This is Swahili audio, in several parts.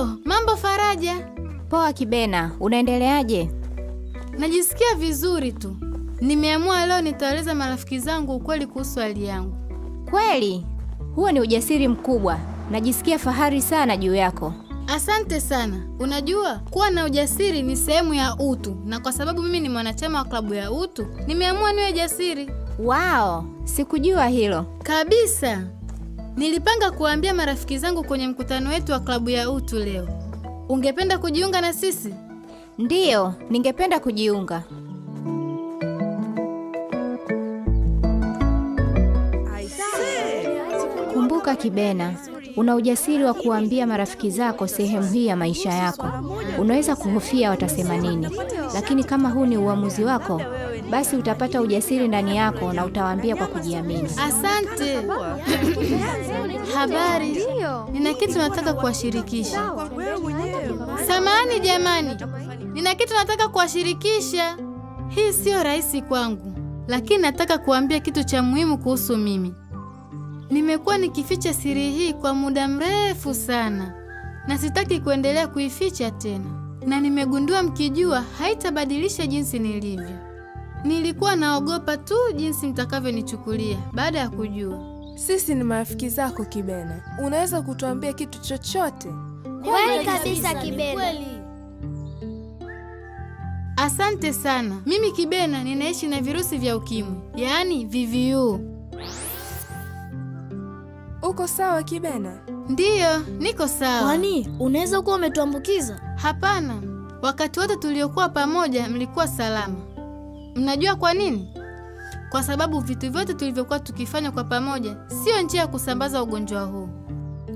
Oh, mambo Faraja. Poa Kibena, unaendeleaje? Najisikia vizuri tu. Nimeamua leo nitaeleza marafiki zangu ukweli kuhusu hali yangu. Kweli? Huo ni ujasiri mkubwa. Najisikia fahari sana juu yako. Asante sana. Unajua, kuwa na ujasiri ni sehemu ya utu, na kwa sababu mimi ni mwanachama wa klabu ya utu, nimeamua niwe jasiri. Wao, sikujua hilo kabisa. Nilipanga kuwaambia marafiki zangu kwenye mkutano wetu wa klabu ya utu leo. Ungependa kujiunga na sisi? Ndiyo, ningependa kujiunga. Kumbuka Kibena, una ujasiri wa kuambia marafiki zako sehemu hii ya maisha yako. Unaweza kuhofia watasema nini, lakini kama huu ni uamuzi wako, basi utapata ujasiri ndani yako na utawaambia kwa kujiamini. Asante. Habari, nina kitu nataka kuwashirikisha. Samahani jamani, nina kitu nataka kuwashirikisha. Hii siyo rahisi kwangu, lakini nataka kuambia kitu cha muhimu kuhusu mimi. Nimekuwa nikificha siri hii kwa muda mrefu sana, na sitaki kuendelea kuificha tena, na nimegundua mkijua haitabadilisha jinsi nilivyo. Nilikuwa naogopa tu jinsi mtakavyonichukulia baada ya kujua. Sisi ni marafiki zako Kibena, unaweza kutuambia kitu chochote. Kweli kabisa Kibena. Asante sana. Mimi Kibena ninaishi na virusi vya ukimwi, yaani VVU. Uko sawa Kibena? Ndiyo, niko sawa. Kwani unaweza kuwa umetuambukiza? Hapana, wakati wote tuliokuwa pamoja mlikuwa salama. Mnajua kwa nini? Kwa sababu vitu vyote tulivyokuwa tukifanya kwa pamoja sio njia ya kusambaza ugonjwa huu.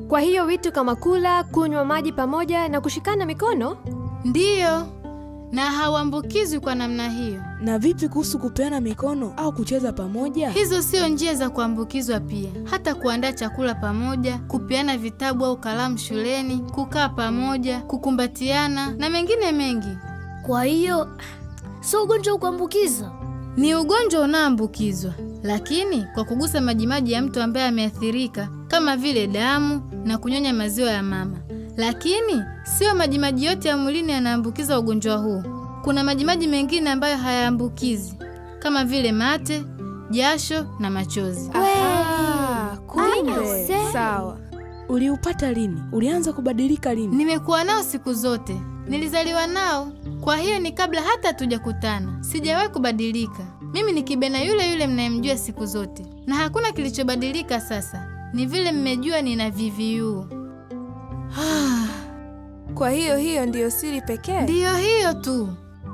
Kwa hiyo vitu kama kula, kunywa maji pamoja na kushikana mikono ndiyo, na hauambukizwi kwa namna hiyo. Na vipi kuhusu kupeana mikono au kucheza pamoja? Hizo sio njia za kuambukizwa pia. Hata kuandaa chakula pamoja, kupeana vitabu au kalamu shuleni, kukaa pamoja, kukumbatiana na mengine mengi. Kwa hiyo sio ugonjwa kuambukiza? Ni ugonjwa unaoambukizwa, lakini kwa kugusa majimaji ya mtu ambaye ameathirika, kama vile damu na kunyonya maziwa ya mama. Lakini sio majimaji yote ya mwilini yanaambukiza ugonjwa huu. Kuna majimaji mengine ambayo hayaambukizi kama vile mate, jasho na machozi. kumbe sawa. Uliupata lini? Ulianza kubadilika lini? Nimekuwa nao siku zote, nilizaliwa nao. Kwa hiyo ni kabla hata hatujakutana, sijawahi kubadilika. Mimi ni Kibena yule yule mnayemjua siku zote, na hakuna kilichobadilika. Sasa ni vile mmejua nina VVU. Kwa hiyo hiyo ndiyo siri pekee? Ndiyo hiyo tu.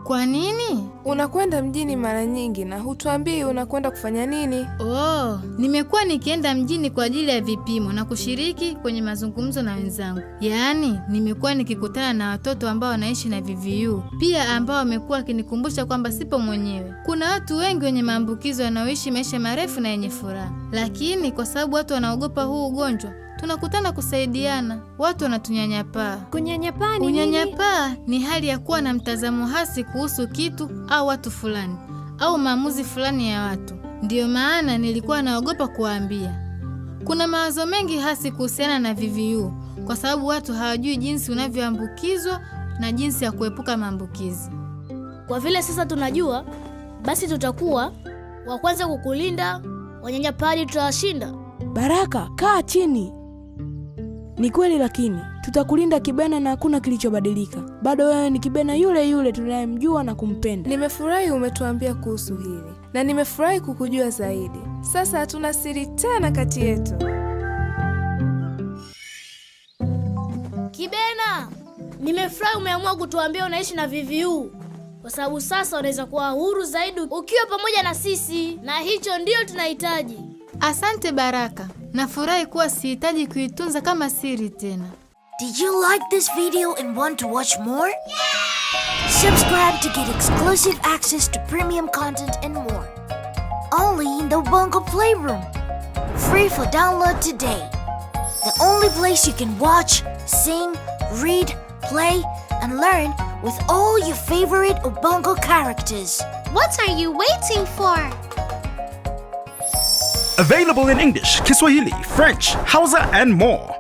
Kwa nini unakwenda mjini mara nyingi na hutuambii unakwenda kufanya nini? Oh, nimekuwa nikienda mjini kwa ajili ya vipimo na kushiriki kwenye mazungumzo na wenzangu. Yaani, nimekuwa nikikutana na watoto ambao wanaishi na VVU, pia ambao wamekuwa wakinikumbusha kwamba sipo mwenyewe. Kuna watu wengi wenye maambukizo wanaoishi maisha marefu na yenye furaha, lakini kwa sababu watu wanaogopa huu ugonjwa tunakutana kusaidiana, watu wanatunyanyapaa. Kunyanyapaa ni unyanyapaa ni hali ya kuwa na mtazamo hasi kuhusu kitu au watu fulani au maamuzi fulani ya watu. Ndiyo maana nilikuwa naogopa kuwaambia. Kuna mawazo mengi hasi kuhusiana na VVU kwa sababu watu hawajui jinsi unavyoambukizwa na jinsi ya kuepuka maambukizi. Kwa vile sasa tunajua, basi tutakuwa wa kwanza kukulinda. Wanyanyapaji tutawashinda. Baraka, kaa chini. Ni kweli, lakini tutakulinda Kibena na hakuna kilichobadilika. Bado wewe ni Kibena yule yule tunayemjua na kumpenda. Nimefurahi umetuambia kuhusu hili na nimefurahi kukujua zaidi. Sasa hatuna siri tena kati yetu. Kibena, nimefurahi umeamua kutuambia unaishi na VVU kwa sababu sasa unaweza kuwa huru zaidi ukiwa pamoja na sisi, na hicho ndio tunahitaji. Asante Baraka. Nafurahi kuwa sihitaji kuitunza kama siri tena. Did you like this video and want to watch more? Subscribe to get exclusive access to premium content and more. Only in the Bongo Playroom. Free for download today. The only place you can watch, sing, read, play, and learn with all your favorite Ubongo characters. What are you waiting for? Available in English, Kiswahili, French, Hausa, and more.